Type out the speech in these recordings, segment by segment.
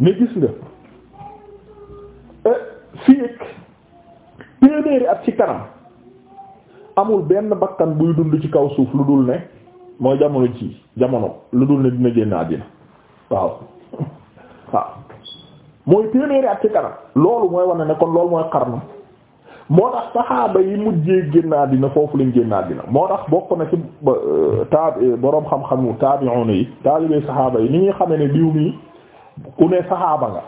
ne gis nga euh, fii ak téeméeri at ci kanam amul benn bakkan buy dund ci kaw suuf lu dul ne mooy jamono ci jamono lu dul ne dina génn àddina waaw waaw mooy téeméeri at ci kanam loolu mooy wane ne kon loolu mooy xarnu moo tax saxaaba yi mujjee génn àddina foofu lañ génn àddina moo tax bokk na ci euh, taab boroom xam-xamu taabi'un yi taalibee saxaaba yi ni ñuy xamee ne diw mi ku ne saxaaba nga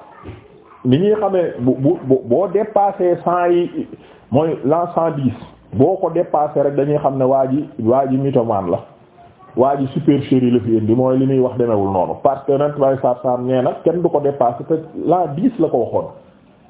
ni ñuy xame bu bu boo dépassé cent yi mooy l'an cent dix boo ko dépassé rek dañuy xam ne waa ji waa ji mythomane la waa ji supercherie la fi indi mooy li muy wax demewul noonu parce que rent bay sar sam nee nag kenn du ko dépassé te l'an dix la ko waxoon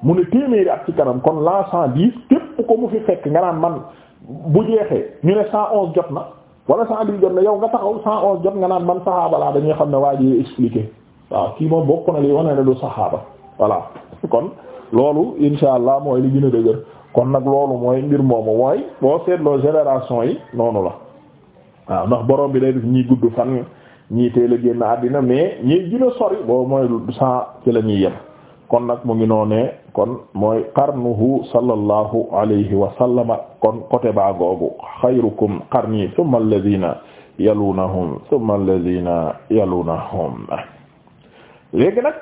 mu ne téeméeri ak ci kanam kon l'an cent dix képp ko mu fi fekk nga naan man bu jeexee ñu ne cent onze jot na wala cent dix jot na yow nga taxaw cent onze jot nga naan man saxaaba dañuy xam ne waa ji expliqué waaw kii moom bokk na li wane ne du saxaaba voilà kon loolu insha allah mooy li gën dëgër kon nag loolu mooy mbir moomu mooy boo seetloo génération yi noonu la waaw ndax borom bi day def ñii gudd fan ñii teel a génn àddina mais ñii gën sori boobu mooy cent ci la yem kon nag mu ngi noonee kon mooy qarnuhu sallallahu alayhi wa sallama kon côté baa googu xayrukum qarni thumma alladhina yalunahum thumma alladhina yalunahum léegi nag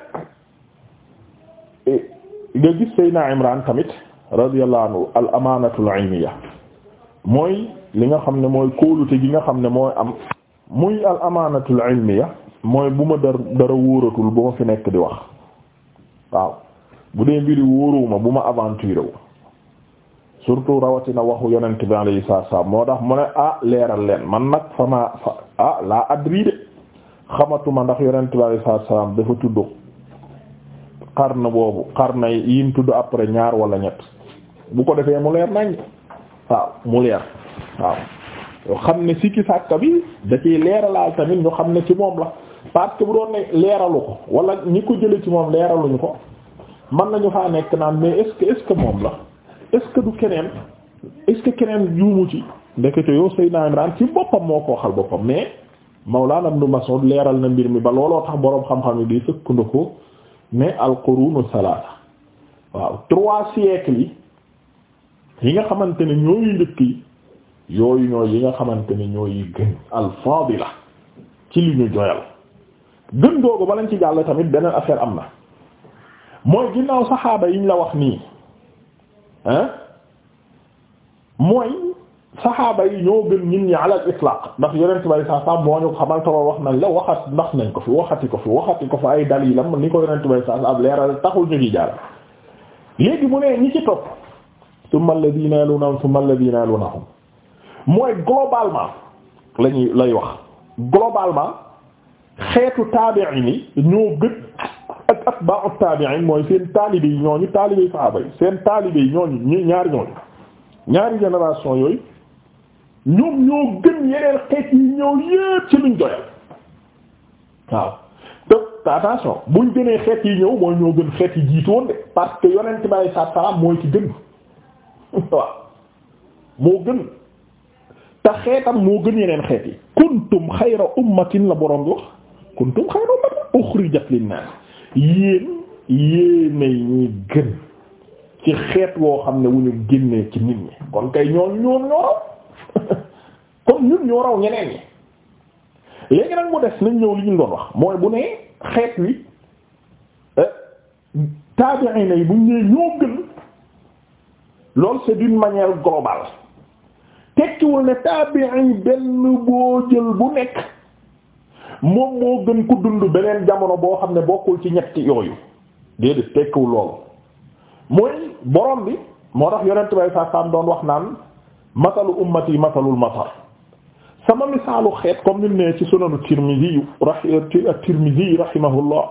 nga gis Seydina Imran tamit radiyallahu anhu al amaanatul ilmiya mooy li nga xam ne mooy kóolute gi nga xam ne mooy am muy al amaanatul ilmiya mooy bu ma dar dara wóoratul bu ma fi nekk di wax waaw bu dee mbiri wóoruwuma bu ma aventure wu surtout rawatina waxu yonent bi alayhi salaam moo tax mu ne ah leeral leen man nag fa ma fa ah laa adri de xamatuma ndax yonent bi alayhi salaatu salaam dafa tudd xarna boobu xar na yiñ tudd après ñaar wala ñett bu ko defee mu leer nañ waaw mu leer waaw yoo xam ne sikki sàkka bi da ciy leeralaal tamit ñu xam ne ci moom la parce que bu doon ne leeralu ko wala ñi ko jële ci moom leeraluñu ko man nañu faa nekk naan mais est-ce moom la est-ce du keneen est-ce que keneen juumu ci ndekete yow Seydina Imran ci boppam moo ko waxal boppam mais Mawlana Ibn Mas'ud leeral na mbir mi ba looloo tax boroom xam-xam yi di sëkkandikoo ne al-qurunu salaasa waaw trois siècles yi yi nga xamante ne ñooyu njëkk yi yooyu ñooy yi nga xamante ne ñooy gën al-faadila ci li ñu joyal gën googu ba ci jàll tamit beneen affaire am na mooy ginnaaw saxaada yiñ la wax nii hein mooy saxaaba yi ñoo gën nit ñi ala itlaq ndax yonent bi saa saa moo ñu xamal te wax nañ la waxat ndax nañ ko fi waxati ko fi waxati ko fi ay la dalilam ni ko yonent bi saa saa am leeral taxul ñu ngi jaar léegi mu ne ñi ci topp thumma alladhina yalunahum thumma alladhina yalunahum mooy globalement la ñuy lay wax globalement xeetu taabi'in yi ñoo gën ak atba'u taabi'in mooy seen taalibe yi ñooñu taalibe yi saxaaba yi seen taalibe yi ñooñu ñaari ñooñu ñaari génération yooyu. ñoom ñoo gën yeneen xeet yi ñëw yépp ci luñ doyal waaw te attention buñ gënee xeet yi ñëw mooy ñoo gën xeet yi jiitu woon de parce que yonent bi alayhi salaatu salaam mooy ci gën waaw moo gën te xeetam moo gën yeneen xeet yi kuntum xayra ummatin la borom bi wax kuntum xayra ummatin uxrijat linnaas yéen yéenay ñi gën ci xeet woo xam ne wu ñu génnee ci nit ñi kon kay ñoon ñoon ñoo kon ñun ñoo raw ñeneen ñi léegi nag mu des nañ ñëw li ñu doon wax mooy bu ne xeet wi eh, taabi'in yi bu ñu nee ñoo gën loolu c'est d'une manière globale tekkiwul ne taabi'in benn boo jël bu nekk moom moo gën ku dund beneen jamono boo xam ne bokkul ci ñetti yooyu déedéet tekkiwul loolu mooy borom bi moo tax yonent bay saa doon wax naan masalu ummati masalul matar sama misaalu xeet comme ni mu nee ci sunanu Tirmidhi Tirmidhi rahimahullah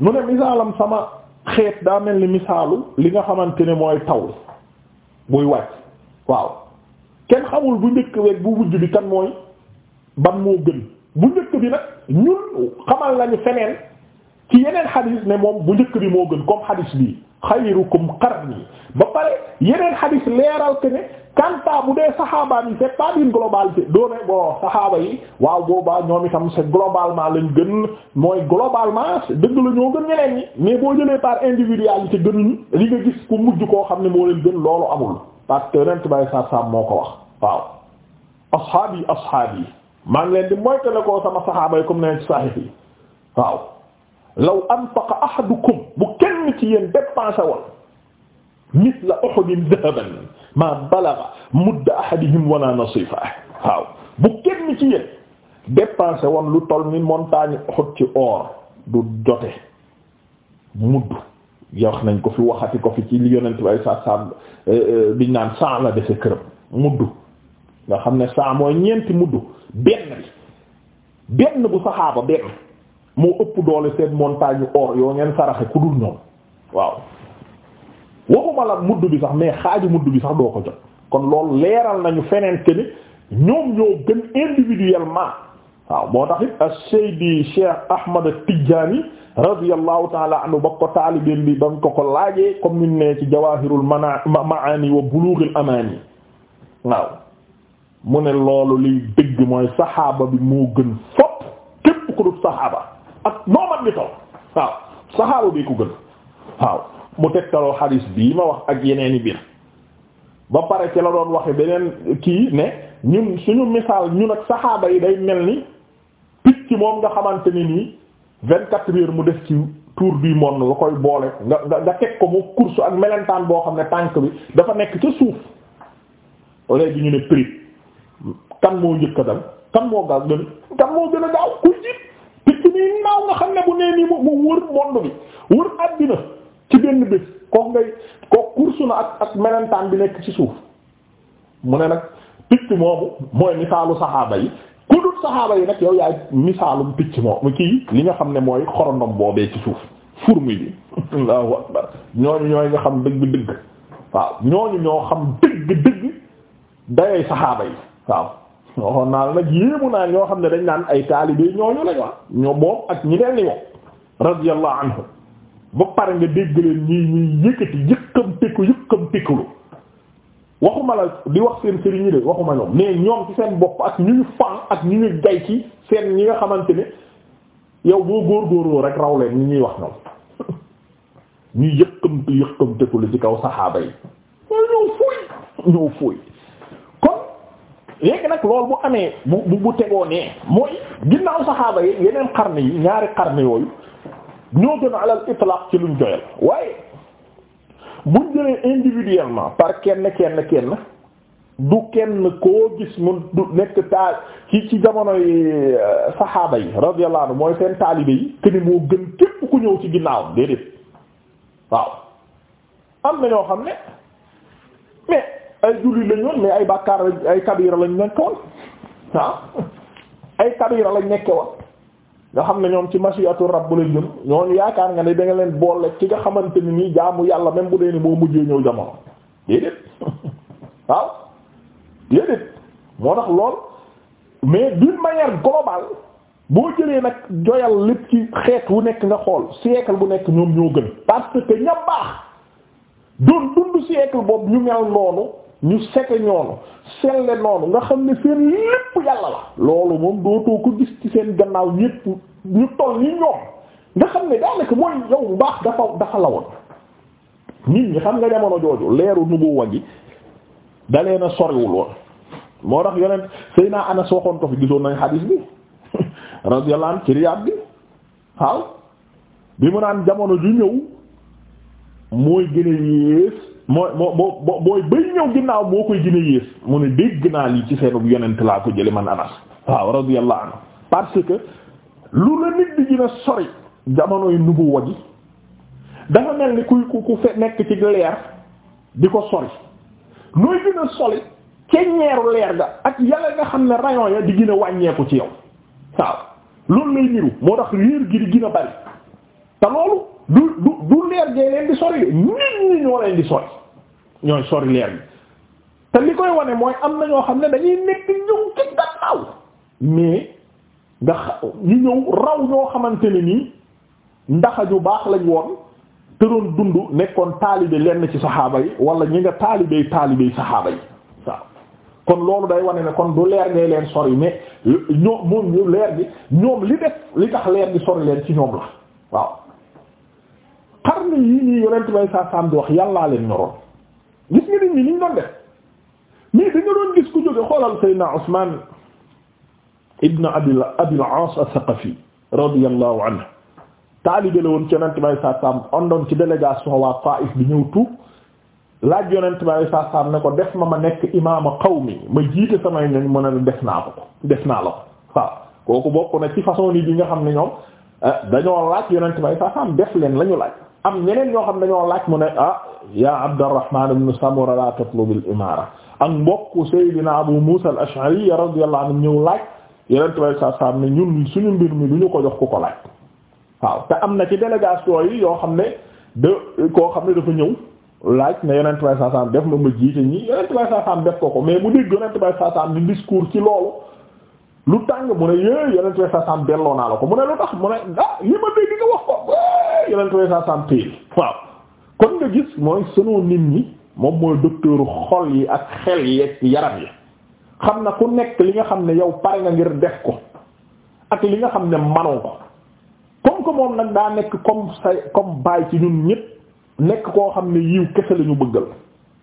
mu ne misaalam sama xeet daa mel ni misaalu li nga xamante ne mooy taw buy wàcc waaw kenn xamul bu njëkk week bu bi kan mooy ban moo gën bu njëkk bi nag ñun xamal lañu feneen ci yeneen xadis ne moom bu njëkk bi moo gën comme xadis bi xayrukum qarni ba pare yeneen xadis leeral te ne kanta bu dee saxaabaan yi c'est pas une globalité doone bon saxaaba yi waaw boobaa ñoom itam c'est globalement lañ gën mooy globalement dëgg la ñoo gën ñeneen ñi mais boo jëlee par individualité gënuñu li nga gis ku mujj koo xam ne moo leen gën loolu amul parce que rent bay sarsam moo ko wax waaw ashaab yi ashaab yi maa ngi leen di moytale koo sama saxaaba yi comme ne ci sahih yi waaw law anfaqa ahadukum bu kenn ci yéen dépensé woon misla uhudin dahaban ma balagha mudda ahadihim a nasifa waaw bu kenn ci yéen dépensé woon lu toll ni montagne Uhud ci or du jote mudd wax nañ ko fi waxati ko fi ci li yonent ay sa sam biñ naan san la defe këram mudd nga xam ne san mooy ñeenti mudd benn bi benn bu saxaaba benn moo ëpp doole seen montagne or yoo ngeen saraxe ku dul ñoom waaw waxuma la mudd bi sax mais xaaju mudd bi sax doo ko jot kon loolu leeral nañu feneen que ni ñoom ñoo gën individuellement waaw moo tax it as-Seydi Cheikh Ahmad Tidjani radiyallahu taala anhu ba ko taalibeen bi ba mu ko ko laajee comme ni ne ci Jawahirul Maani wa Bulughul Amani waaw mu ne loolu liy dëgg mooy saxaaba bi moo gën fopp képp ku dul saxaaba ak noo man di taw waaw saxaaba bi ku gën waaw. mu tegtaloo xadiis bii ma wax ak yeneen yeneeni biir ba pare ci la doon waxe beneen kii ne ñun suñu misaal ñun ak saxaaba yi day mel ni picc moom nga xamante ni nii vingt-quatre heures mu def ci tour du monde nga koy boole nga nga nga teg ko mu course ak melentaan boo xam ne tànk bi dafa nekk ca suuf léegi ñu ne prix kan moo njëkk a dal moo gas gën kan moo gën a gaaw ku jiit picc nii naaw nga xam ne bu nee nii mu wër monde bi wër àddina ci benn bés kooku ngay kooku kursu na ak ak melentaan bi nekk ci suuf mu ne nag picc moomu mooy misaalu saxaaba yi ku dul saxaaba yi nag yow yaay misaalum picc moomu kii li nga xam ne mooy xorondom boobee ci suuf fourmi bi allahu akbar ñooñu xam dëgg-dëgg waaw ñooñu ñoo xam dëgg-dëgg dayay saxaaba yi waaw waxoon naa nag yéemu naa ñoo xam ne dañ daan ay taalibe ñooñu lañ wax ñoo moom ak ñi leen ni moom radiyallahu anhu ba pare nga dégg leen ñii ñuy yëkkati yëkkamtiku yëkkamtikulu waxuma la di wax seen sëriñ de waxuma ñoom mais ñoom ci seen bopp ak ñu ñu fan ak ñu ñu gay ci seen ñi nga xamante ne yow góor góorgóorloo rek raw leen ñu ñuy wax ñoom ñu yëkkamti yëkkamtikulu ci kaw saxaaba yi ñoo fuuy ñoo fuuy léegi nag loolu bu amee bu bu bu tegoo nee mooy ginnaaw saxaaba yi yeneen xarne yi ñaari xarne yooyu ñoo gën a alal itlaq ci luñ doyal waaye buñ jëlee individuellement par kenn kenn kenn du kenn koo gis mu du nekk taal ci ci jamonoy euh, saxaaba yi radiyallahu anhu mooy seen taalibe yi te moo gën képp ku ñëw ci ginnaawam déedéet waaw am na ñoo xam ne mais ay jullit lañ woon mais ay bàkkaar ay kabira lañ nekkoon waaw ay kabira lañ nekke woon nga xam ne ñoom ci mashiatu rabb la jëm ñooñu yaakaar nga ne da nga leen boole ci nga xamante ni nii jaamu yàlla même bu dee ni boo mujjee ñëw jamono déedéet waaw déedéet moo tax lool mais d'une manière globale boo jëlee nag joyal lépp ci xeet wu nekk nga xool siècle bu nekk ñoom ñoo gën parce que ña baax doon dund siècle boobu ñu mel noonu ñu sete ñoonu selle noonu nga xam ne seen lépp yàlla la loolu moom dootoo ko gis ci seen gannaaw ñépp ñu toll ni ñoom nga xam ne daanaka mooy yow bu baax dafa dafa lawoon nit ñi xam nga jamono jooju leeru nubuwa gi dalee na soriwul woon moo tax yonent Seyna Anas waxoon ko fi gisoon nañ xadiis bi radiyallahu anhu ci Riyaad bi waaw bi mu naan jamono ju ñëw mooy gën a yées mooy moo moo mooy bay ñëw ginnaaw moo koy gën a yées mu ne dégg naa lii ci seen yonent laa ko jële man Anas waaw radiyallahu anhu parce que lu la nit di gën a sori jamonoy nubuwa gi dafa mel ni kuy ku ku fe nekk ci leer di ko sori nooy gën a soli ceññeeru leer ga ak yàlla nga xam ne rayon ya di gën wàññeeku ci yow waaw loolu lay niru gi di gën leer gee leen nit ñi ñoo leen di sori ñooy sori leer gi te li koy wane mooy am na ñoo xam ne dañuy nekk ñëw ci gannaaw mais nga ñu ñëw raw ñoo xamante ne nii ndaxa ju baax lañ woon te doon dund nekkoon taalibe lenn ci saxaaba yi wala ñi nga taalibey taalibey saxaaba yi waaw kon loolu day wane ne kon du leer ngay leen sori mais ñoom moom ñu leer gi ñoom li def li tax leer gi sori leen ci ñoom la waaw xarni yii nii yonent bay saa saam di wax yàllaa leen ñoroon gis nga nit ñi niñ doon def mais da doon gis ku jóge xoolal Seydina Usmaan ibn abil abil aas as-saqafi radiyallahu anhu taalibe la woon ci yonent bi alayhi salaatu salaam ondoon ci délégation waa Taif bi ñëw tuub laaj yonent bi alayhi salaatu ne ko def ma ma nekk imaama qawmi ma jiite samay ñoñ mu ne def naa ko def naa la ko waaw kooku bokk na ci façon yi bi nga xam ne ñoom eh, dañoo laaj yonent bi alayhi salaatu def leen la ñu laaj am ñeneen ñoo xam dañoo laaj mu ne ah ya Abdurrahman ibn Samura la tatlub al-imara ak mbokk Seydina Abu Musa al-Ash'ari radiyallahu yeneen way sa sam ne ñun suñu mbir mi du ñu ko jox ku ko laaj waaw te am na ci délégation yi yoo xam ne de koo xam ne dafa ñëw laaj ne yeneen way sa sam def ma ma jiite ñi yeneen ko ko mais mu dégg yeneen way sa sam di discours ci loolu lu tàng mu ne yé yeneen way sa sam naa la ko mu ne lu tax mu ne ah ma dégg nga wax ko waaw kon nga gis mooy sunu nit ñi moom mooy docteur xool yi ak xel yi ak yaram yi xam na ku nekk li nga xam ne yow pare nga ngir def ko ak li nga xam ne manoo ko comme moom nag daa nekk comme sa comme baay ci nekk koo xam ne yiw kese la ñu bëggal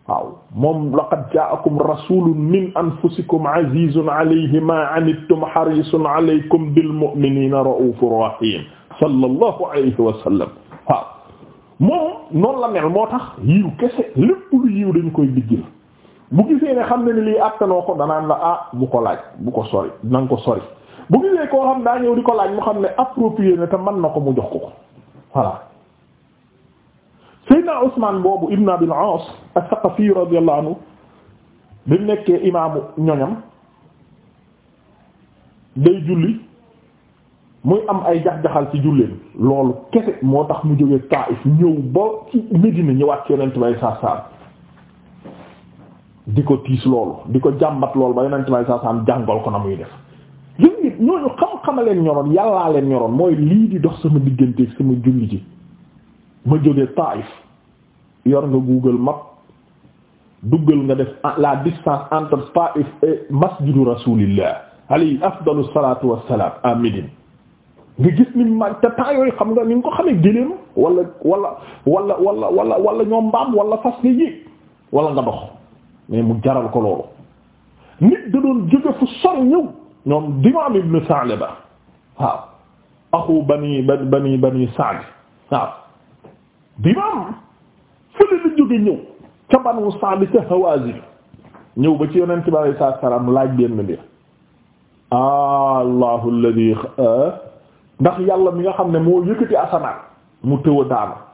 waaw moom laqad ja'akum rasulun min anfusikum azizun alayhi ma anittum harisun alaykum bil mu'minina ra'ufur rahim sallallahu alayhi wa moom noonu la mel moo tax yiw kese lépp lu yiw dañu koy diggil bu gisee ne xam ne ni lii àttanoo ko danaan la ah bu ko laaj bu ko sori na ko sori bu gisee koo xam daa ñëw di ko laaj mu xam ne approprié na te man na ko mu jox ko ko voilà Seydina Usman boobu Ibn Abil Aas as-Saqafi radiyallahu bi nekkee imaamu ñoñam day julli muy am ay jax-jaxal ci julleen loolu kese moo tax mu jógee Taif ñëw ba ci Medina ñëwaat ci bay saar di ko tiis loolu di ko jàmbat loolu ba yonent may saa saam jàngal ko na muy def gis nit ñooñu xam-xama leen ñoroon yàllaa leen ñoroon mooy lii di dox sama digganteeg sama julli ji ma jógee Taif yor nga Google Map duggal nga def la distance entre Taif et masjidu rasulillah alayhi afdalu salatu wassalam à Médine nga gis ni ma te temps yooyu xam nga ni nga ko xamee géléem wala wala wala wala wala wala ñoom mbaam wala fas nga yéeg wala nga dox mais mu jaral ko loolu nit da doon jóge fu sori ñëw ñoom Dimaam ibn Sa'laba waaw axu bani bani bani Sa'd waaw Dimaam fële la jóge ñëw ca banu Sa'd ca Hawaazin ñëw ba ci yonent bi alayhi salaatu laaj benn mbir Allahu alladhi euh, ndax yàlla mi nga xam ne moo yëkkati asamaan mu tëw a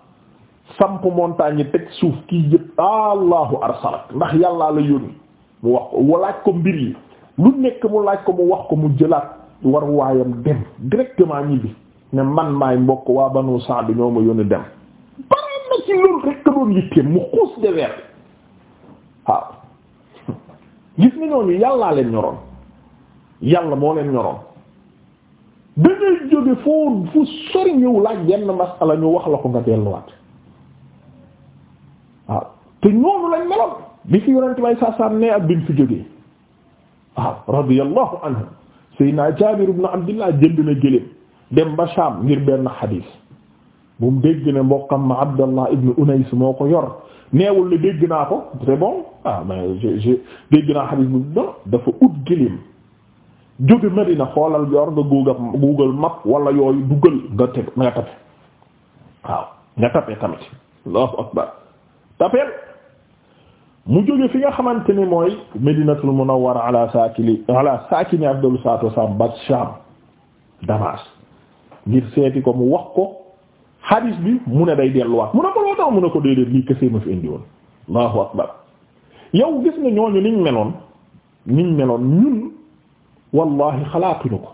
samp montagne yi teg suuf kii yëpp allahu arsalak ndax yàllaa la yónni mu wax ko laaj ko mbir yi lu nekk mu laaj ko mu wax ko mu jëlaat war waayam dem directement ñi bi ne man maay mbokk waa banu Sa'd ñoo ma yónni dem pare na ci loolu rekk doon yitteem mu xuus de weer waaw gis nga ñooñu yàllaa leen ñoroon yàlla moo leen ñoroon da jóge foo sori ñëw laaj yenn masala ñu wax la ko nga delluwaat waaw te ñoonu lañ meloon bi fi yonent bay sasam ne ak biñ fi jógee waaw anhu sayyidina Jaabir ibn Abdullah jënd na gëléem dem ba ngir benn xadiis bu mu dégg ne mbokkam ma Abdallah ibn Unays moo ko yor neewul ne dégg naa ko c'est bon ah dafa ut gëléem jóge Madina xoolal yor nga Google Map wala yooyu duggal nga teg nga tape Allahu akbar s'appelle mu jóge fi nga xamante ni mooy Medinatul Munawwara ala saakili ala saakini afdalu salaatu wassalaam ba Sham Damas ngir seeti ko mu wax ko hadis bi mu ne day delluwaat mu ne ko loo tax mu ne ko déedéet lii kese ma fi indi akbar yow gis nga ñooñu niñ meloon niñ meloon ñun wallahi xalaatuñu ko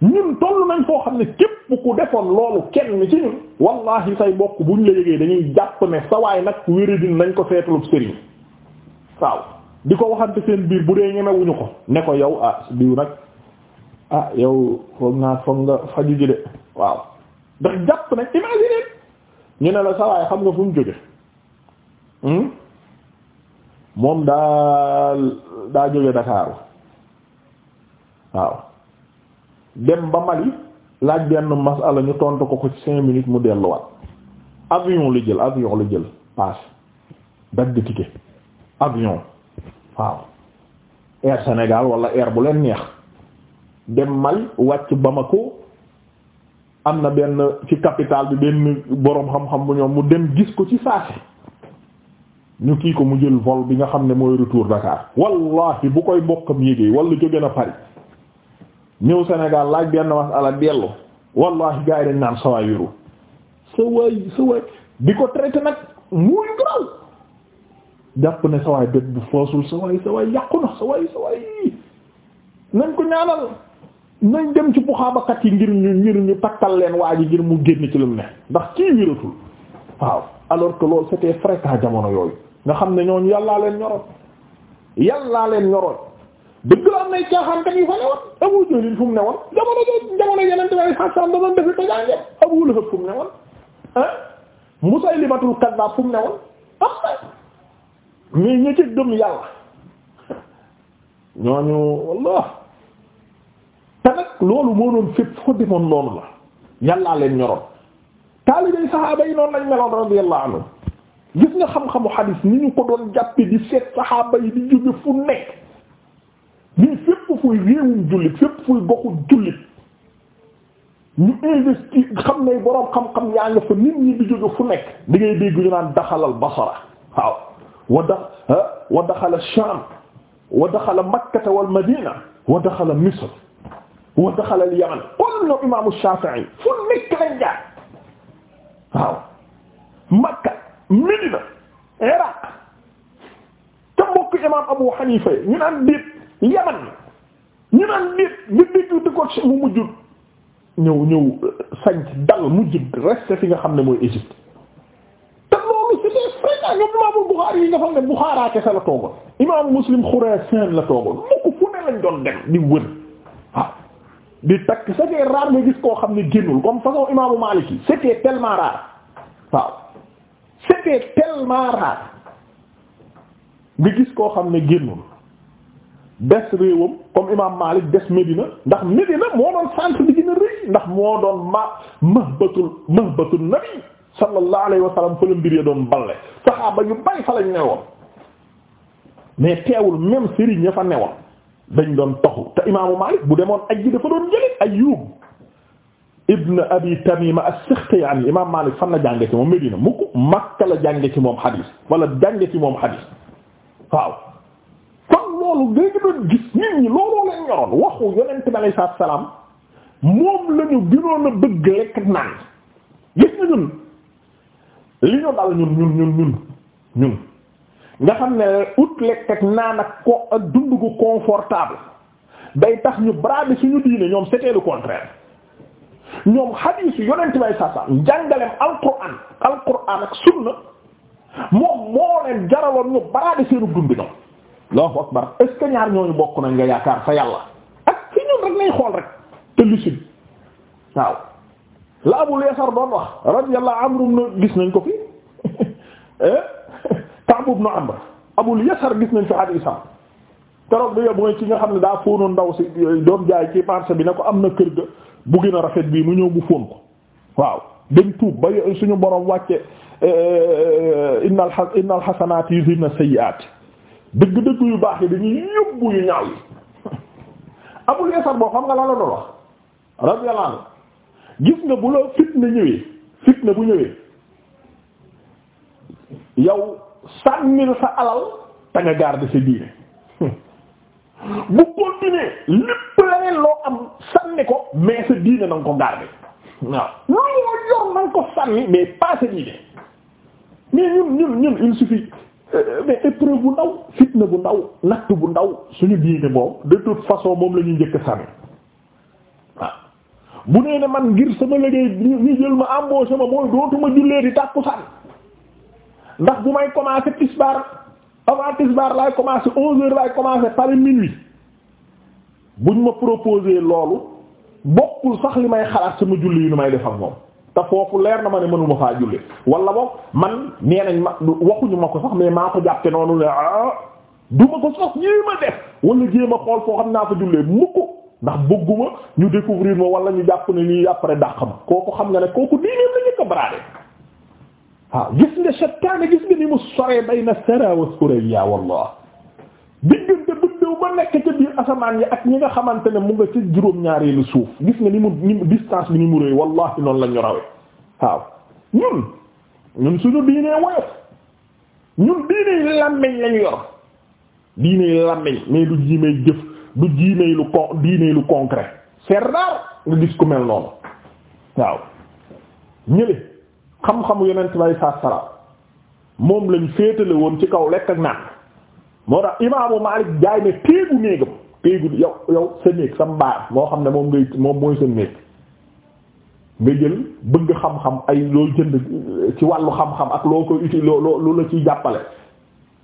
ñun toll nañ foo xam ne képp ku defoon loolu kenn ci ñun wallahi say bokk buñ la yëgee dañuy jàpp ne sa nag wéradin nañ ko seetalub sëriñ waaw di ko waxante seen biir bu dee ñemewuñu ko ne ko yow ah diw nag a ah yow foog naa foog nga faju ji de waaw ndax jàpp nañ imagine ñu ne la sa waay xam nga fu mu jóge hmm? moom daal daa jóge Dakar waaw dem ba Mali laaj benn masala ñu tontu ko ko cinq minutes mu delluwaat avion la jël avion la jël paas dagg ticket avion waaw air Sénégal wala air bu leen neex dem Mali wàcc Bamako am na benn ci capital bi benn boroom xam-xam bu ñoom mu dem gis ko ci saase ñu kii ko mu jël vol bi nga xam ne mooy retour Dakar wallahi bu koy bokkam yéegee wala jóge na Paris ñëw senegal laaj benn masala dellu wallahi gars yi dañ naan sawaay wéru sawaay sawaay di ko traité nag muy graw jàpp ne sawaay bët bu foosul sawaay sawaay yàqu na sawaay sawaay nañ ko ñaanal nañ dem ci buxaabakat yi ngir ñu ngir ñu takkal leen waa yi ngir mu génn ci lu mu ne ndax kii wératul waaw alors que loolu c'était fréquent jamono yooyu nga xam ne ñooñu yàllaa leen ñoroon yàllaa leen ñoroon dëgg la am nay caaxaankat yu fa ne woon Abu Jahl fu mu ne woon jamono jooju jamono yeneen tamit ay sànq da doon defi ko yaa ngi Abu Lahab fu mu ne woon ah Musaylimatul Kaddaab fu mu ne woon am na mais ñi ci gëm yàlla ñooñu wallah te loolu moo doon fépp foo demoon noonu la yàllaa leen ñoroon. taalibe saxaaba yi noonu lañ meloon radiyallahu anhu gis nga xam-xamu xadiis ni ñu doon jàppe di seet saxaaba yi di jóge fu mais fépp fuy réewum jullit fépp fuy goxu jullit ñu investir xam ne boroom xam-xam yaa nga fa nit ñi di jóge fu nekk di ngay dégg ñu naan daxalal basara waaw wa da wa daxala sham wa daxala wal madina wa daxala misr wa daxala al yaman kon ñoo imaamu Shaafi'i fu nekk lañ jaar waaw makka medina iraq te mbokk imaam Abu Hanifa ñu naan déet yaman ñu naan nit nit nit di ko mu mujj ñëw ñëw euh, sanc dal mujj reste fi nga xam ne mooy Égypte te loolu c'était fréquent ah, ñoom imaamu Buxaari yi nga xam ne Buxaara kese la toogoon imaamu Muslim Xuraasaan la toogoon mukk fu ne lañ doon dem di wër waaw ah, di takk c'était rare nga gis koo xam ne génnul comme façon imaamu Maalik yi c'était tellement rare waaw c'était tellement rare nga gis koo xam ne génnul des réewam comme imam Malik des Médina ndax Médina moo doon centre bi gën a rëy ndax moo doon ma mahbatul mahbatul nabi sallallahu alayhi wa sallam fa la mbir ya doon balle saxaaba yu bari fa lañ newoon mais teewul même sëriñ ya fa newoon dañ doon toxu te imaamu Malik bu demoon aj ji dafa doon jële Ayyub ibn Abi Tamima as-Sakhtiyani imam Malik fan la jànge ci moom Médina mu ko Makka la jànge ci moom xadiis wala jànge ci moom xadiis waaw loolu léegi doon gis nit ñi looloo leen ñoroon waxu yonent bi alayhi moom la ñu a bëgg lekk naan gis na ñun li ñu dal ñun ñun ñun ñun ñun nga xam ne ut lekk ak naan ak ko ak dund gu confortable day tax ñu brader suñu diine ñoom c'était le contraire ñoom xadiisu yonent bi alayhi salaam jàngaleem alquran alquran ak sunna moom moo leen jaraloon ñu brader seenu dund Allahu akbar est-ce que ñaar ñooñu bokk nañ nga yaakaar fa yàlla ak fi ñun rek nañ xool rek te lucide waaw la Abul Yasar doon wax radiyallahu amrum na gis nañ ko fi eh? Ka'b ibn Amr Abul Yasar gis nañ fi hadiisam keroog bi yóbbu nga ci nga xam ne daa fóonoon ndaw si doom jaay ci marché bi ne ko am na kër ga bu gën a rafet bii mu ñëw mu fóon ko waaw dañ tuub ba suñu borom wàcce eh, eh, innal innal hasanaati yuzhibna sayyi'aat dëgg-dëgg yu baax yi dañuy yóbbu yu ñaaw yi abul yasar boo xam nga la la doon wax radiyallahu anhu gis nga bu la fitna ñëwee fitna bu ñëwee yow sànnil sa alal te nga garder sa diine bu continuer lépp leneen loo am sànni ko mais sa diine na ko garder waaw loolu yor na ko sànni mais pas sa diine mais ñun ñun ñun il suffit Euh, mais épreuve bu ndaw fitna bu ndaw natt bu ndaw suñu diine moom de toute façon moom la ñuy njëkk sànni waaw bu nee ne man ngir sama liggéey ñu jël ma embauché ma mooy dootuma jullee di tàkkusaan ndax bu may commencer tisbaar avant tisbaar laay commencer onze heures laay commencer par minuit buñ ma proposer loolu bokkul sax li may xalaat sama julli yi nu may def ak moom te foofu leer na ma ne mënuma faa julli wala boog man nee nañ ma waxuñu ma ko sax mais maa ko jàppe noonu ne ah du ko sax ñii ma def wala jéem a xool foo xam naa fa jullee mukk ndax bëgguma ñu découvrir ma wala ñu jàpp ne lii après dàq ma kooku xam nga ne kooku diineem la ñu ko braade waaw gis nga seytaane gis nga ni mu soree bayna sara wa surayya wallah diggante ñëw ba nekk ca biir asamaan yi ak ñi nga xamante ne mu nga ci juróom-ñaareelu suuf gis nga ni mu ni distance bi ni mu rëy wallahi noonu la ñu rawe waaw ñun ñun suñu diinee woyof ñun diiney làmmiñ lañu yor diiney làmmiñ mais du jiimey jëf du jiimey lu con diiney lu concret c'est nga gis ku mel noonu waaw ñële xam-xamu yonent bay sa sara moom lañ féetale woon ci kaw lekk ak naan moo tax imaamu Maalik jaay ne téegu néegam téegu yow yow sa néeg sa mbaar moo xam ne moom ngay moom mooy sa néeg nga jël bëgg xam-xam ay loo jënd ci wàllu xam-xam ak loo ko uti loo loo lu la ciy jàppale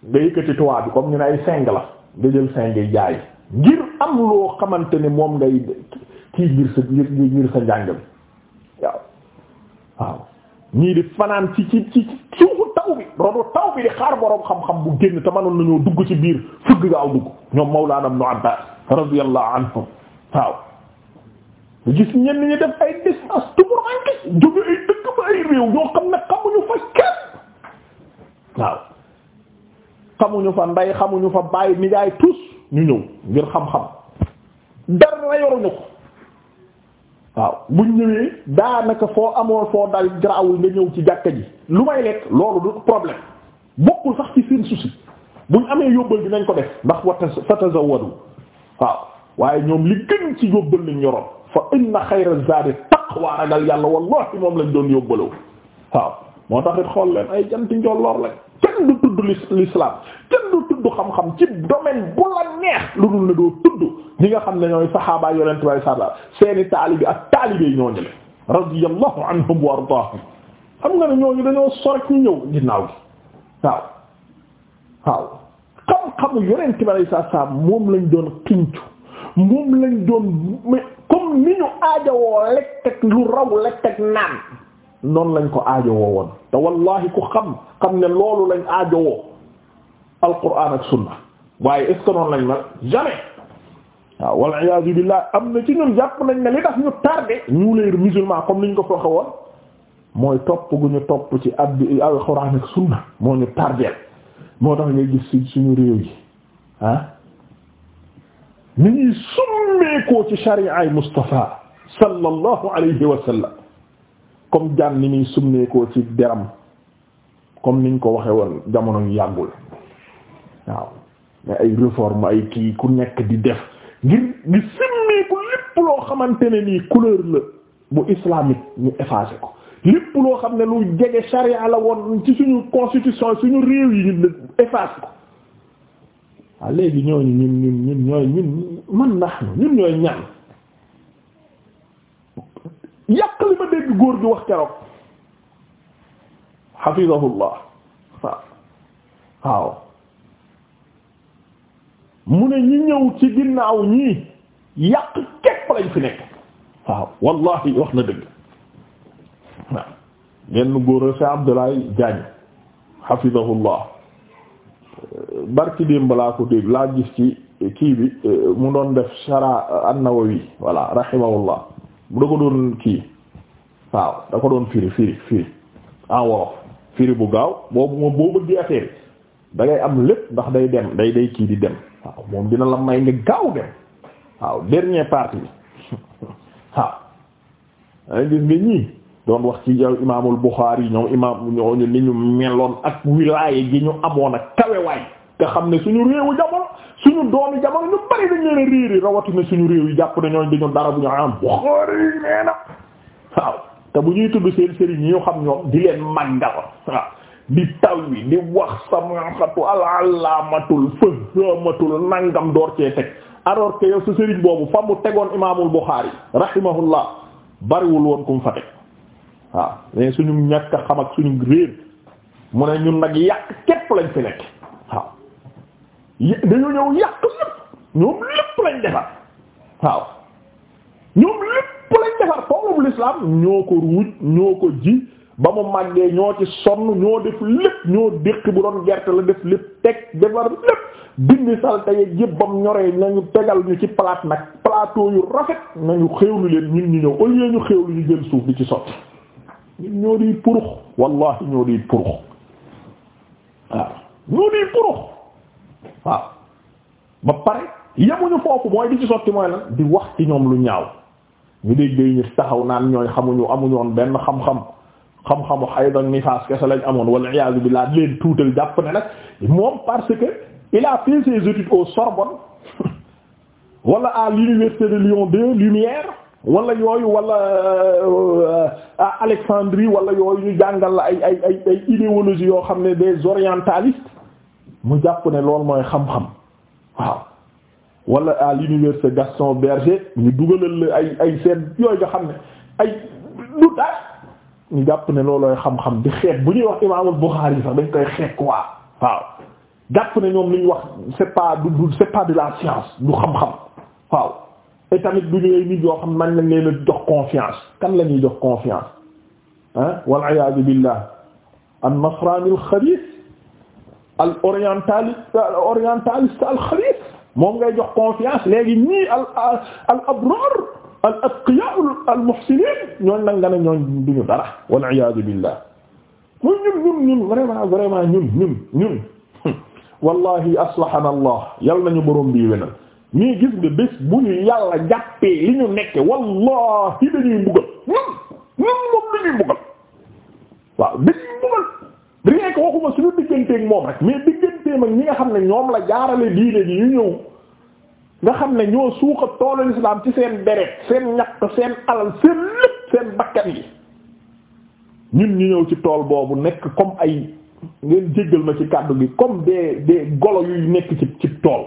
nga yëkkati toit bi comme ñu ne ay seng la nga jël seng jaay ngir am loo xamante ne moom ngay kii ngir sa ngir ngir sa njàng bi waaw waaw ñii di fanaan ci ci ci ci sangu bi ronu taw bi di xaar borom xam-xam bu génn te mënoon nañoo dugg ci biir fëgg gaaw dugg ñoom Mawlaana Ibnu Abbaas radiyallahu anhum waaw gis ñenn ñi def ay distance tumuranke jóge ay dëkk ba ay réew ñoo xam ne xamuñu fa kenn waaw xamuñu fa nday xamuñu fa bàyyi nijaay tous ñu ñëw ngir xam-xam dara yoruñu waaw buñ ñëwee daanaka foo amoon foo dal garaawul nga ñëw ci jàkka ji lu may lekk loolu du problème bokkul sax ci seen souci buñ amee yóbbal dinañ ko def ndax wata fatazawadu waaw waaye ñoom li gën ci yóbbal lañ yoroon fa inna xayra zaadi taqwa ragal yàlla wallahi moom lañ doon yóbbaloo waaw moo tax xool leen ay janti njolloor la kenn du tudd l'islam kenn du tudd xam-xam ci domaine bu la neex lu dul ne doo tudd ñi nga xam ne ñooy saxaabaay yonent bay sala seeni taalibi ak taalibe yi ñoo ñële radiyallahu anhum wa ardaahum xam nga ne ñooñu dañoo sorek ñu ñëw ginnaaw gi waaw waaw xam-xamu yonent bi saa saa moom lañ doon xincu moom lañ doon mais comme ni ñu aajowoo lekk lu raw lekk naan noonu lañ ko aajowoo woon te wallahi ku xam xam ne loolu lañ aajowoo alquran ak sunna waaye est ce lañ ma jamais waaw wal iyaazu billah am na ci ñun jàpp nañ ne li tax ñu tardé ñu leer musulman comme niñ ko foxe woon mooy topp gu ñu topp ci abdi alquran ak sunna moo ñu tardé moo tax ngay gis suñu réew yi ah ni ñuy summeekoo ci shari'ay Mustafa sallallahu alayhi wa sallam comme jaan ni muy summeekoo ci deram comme niñ ko waxee woon jamono yu yàggul waaw mais ay réforme ay kii ku nekk di def ngir di simmeeku lépp loo xamante ne nii couleur la bu islamique ñu effacé ko lépp loo xam ne lu jege charia la woon ci suñu constitution suñu réew yi ñu effacé ko waaw léegi ñooñu ñun ñun ñun ñooy ñun man nax ñun ñooy ñaan yàq li ma góor gi wax keroog hafizahullah waaw mu ne ñi ñëw ci ginnaaw ñii yàq képp lañ fi nekk waaw wallahi wax na dëgg waaw benn góor sa Abdoulaye Diagne hafizahullah barki démb laa ko laa gis ci kii bi mu doon def shara an-Nawawi voilà rahimahullah da ko doon kii waaw da ko doon firi firi firi en wolof firi bu gaaw boobu moom boo bëggee affaire da am lépp ndax day dem day day kii di dem waaw moom dina la may nga gaaw dem waaw dernier partie bi waaw dangay gis ñii doon wax ci imaamul Buxaari ñoom imaam ñooñu ni ñu meloon ak wilaaye gi ñu amoon ak kawewaay te xam ne suñu réewu jamono suñu doomi jamono ñu bari dañ leen réeri rawatina suñu réew yi jàpp ne ñooñ dañu dara bu ñu am Buxaari yi waaw te bu ñuy tudd seen sëriñ ñi xam ñoom di leen màggal waaw di taw bi di wax samaxatu al-alaamatul fahaamatul nangam door cee teg alors que sa sëriñ boobu fa mu tegoon imaamul Buxaari rahimahullah bariwul woon kum fa teg waaw mais suñu ñàkk xam ak suñu réer mu ne ñun nag yàq képp lañ fi nekk dañu ñëw yàq lépp ñoom lépp lañ defar waaw ñoom lépp lañ defar tollum l'islam ñoo ko ruuj ñoo ko ji ba mu màggee ñoo ci sonn ñoo def lépp ñoo déqi bu doon gerte la def lépp teg defar lépp dindi salte yeeg yëpp ñoree nañu tegal ñu ci palaat nag plateau yu rafet nañu xéewlu leen ñun ñu ñëw au lieu ñu xéewlu ñu jël suuf di ci sotti ñoo di purux wallahi ñoo di purux waaw ñoo di purux waaw ba pare yemuñu foofu mooy di ci sotti mooy lan di wax ci ñoom lu ñaaw ñu dégg day ñu taxaw naan ñooy xamuñu amuñoon benn xam-xam xam-xamu xaydan nifaas kese lañ amoon wala iyaazu billah leen tuutal jàpp ne nag moom parce que il a fait ses études au Sorbonne wala à l'université de Lyon 2 Lumière wala yooyu wala euh, à Alexandrie wala yooyu ñu jàngal la ay ay ay ay idéologie yoo xam ne des orientalistes mu jàpp ne loolu mooy xam-xam waaw wala à l'université Gaston Berger ñu dugalal la ay ay seen yooyu nga xam ne ay du dara ñu jàpp ne loolooy xam-xam di xeet bu ñuy wax Imaamul Bukhari yi sax dañ koy xeet ko waaw jàpp ne ñoom li ñu wax c'est pas du du c'est pas de la science du xam-xam waaw et tamit du ñu ay nit yoo xam man lañ leen a jox confiance kan la ñuy jox confiance ah wal iyaazu billah an-nasraani al-xabiis al orientaliste al orientaliste moom ngay jox confiance léegi ñii al al abrar al atqiya al muhsinin ñooñ nag nga ne ñooñ duñu dara wallahi aslahana allah yal nañu borom bi wenal ñii gis nga bés bu ñu li ñu nekke wallahi dañuy mbugal ñun ñun moom dañuy mbugal waaw dañuy mbugal rien que waxuma suñu digganteeg moom rek mais digganteem ak ñi nga xam ne ñoom la jaarale diine ji ñu ñëw nga xam ne ñoo suuxa toolu islam ci seen deret seen ñaq seen alal seen lépp seen bakkan yi ñun ñu ñëw ci tool boobu nekk comme ay ngeen jéggal ma ci kàddu gi comme des des golo yuy nekk ci ci tool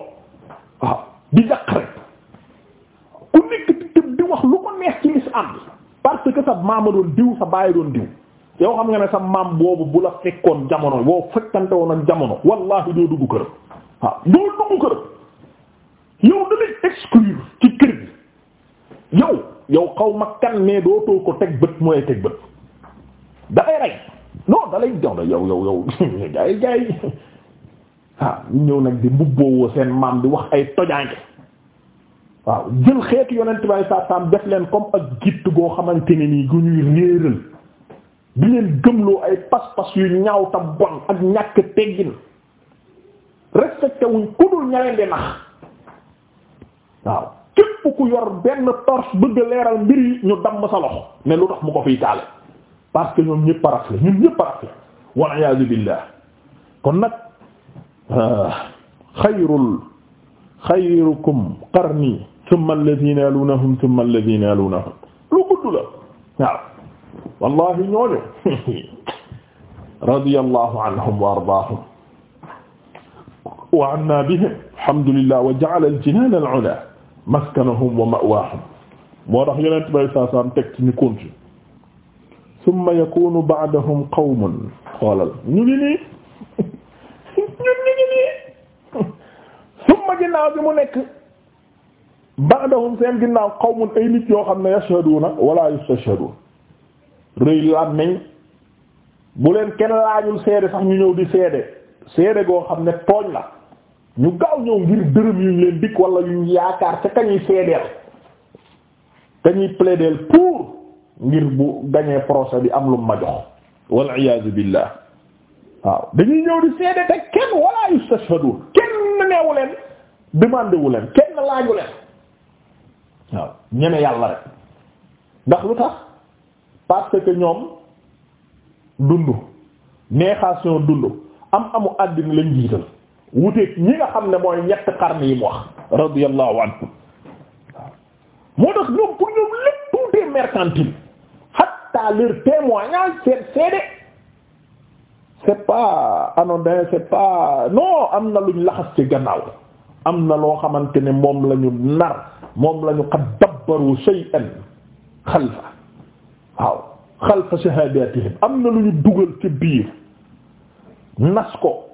waaw di yàq rek ku nekk di wax lu ko neex ci lislaam parce que sa maama diw sa baay doon diw yow xam nga ne sa maam boobu bu la fekkoon jamono boo fekkante woon ak jamono wallahi doo dugg kër waaw doo dugg kër yow da lay exclure ci kër gi yow yow xaw ma kan ne doo too ko teg bët mooy teg bët dafay rey non da jox la yow yow yow gaa yi gaa ñëw nag di mbubboowoo seen maam di wax ay tojaange waaw jël xeetu yonent bi saa saam def leen comme ak gitt goo xamante ne nii gu ñuy réeral. di leen gëmloo ay pas-pas yu ñaaw ta bon ak ñàkk teggin respecté wuñ ku dul ña leen di nax waaw képp ku yor bëgg leeral mbir yi ñu damm sa ne lu tax mu ko fiy taale parce que ñoom ñëpp paraf la ñun wal iyaazu billah kon nag xayrul xayrukum qarni thumma alladhina yalunahum thumma lu gudd la waaw wallahi ñooñu radiyallahu anhum wa ardaahum wa anna bihim alhamdulillah wa ja'ala al-jinaan al-'ulaa maskanahum wa ma'waahum moo tax yonent bay saa saam teg ci ñu konti summa yakunu ba'dahum qawmun xoolal ñu ngi nii ñun ñu ngi nii summa ginnaaw bi mu nekk ba'dahum seen ginnaaw qawmun ay nit yoo xam ne yashhaduuna wala yustashhaduuna rëy làmmiñ bu leen kenn laajul seede sax ñu ñëw di seede seede goo xam ne tooñ la ñu gaaw ñëw ngir dërëm yuñ leen dikk wala yuñ yaakaar ca kañuy seedeel kañuy plaider pour ngir bu gañee procès bi am lu ma jox wal iyaazu billah waaw dañuy ñëw di seede te kenn wala yustashhadu kenn neewu leen demandé wu leen kenn laaju leen waaw ñeme yàlla rek ndax lu tax parce que ñoom dund néexation dund am amu àddina lañ jiital wuteeg ñi nga xam ne mooy ñett xarn yi mu wax radiyallahu anhu moo tax ñoom pour ñoom lépp tout est mercantile hatta leur témoignage c'est cédé c'est pas anodin c'est pas non am na luñ laxas ci gannaaw am na loo xamante ne moom la nar moom lañu ñu qad dabbaru shay'an xalfa xalfa shahadatihim am na lu ñu dugal ci biir nas ko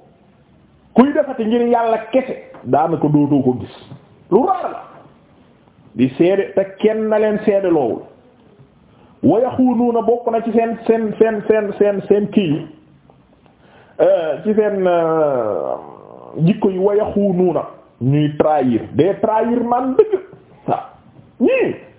kuy defati ngir yàlla kese daanaka dootoo ko gis lu raar la di seede te kenn na leen seede loowul wa yaxunuuna bokk na ci seen seen seen seen seen seen kii euh, ci seen euh, jikko yi wa yaxunuuna ñuy trahir des trahir man dëgg waaw ñii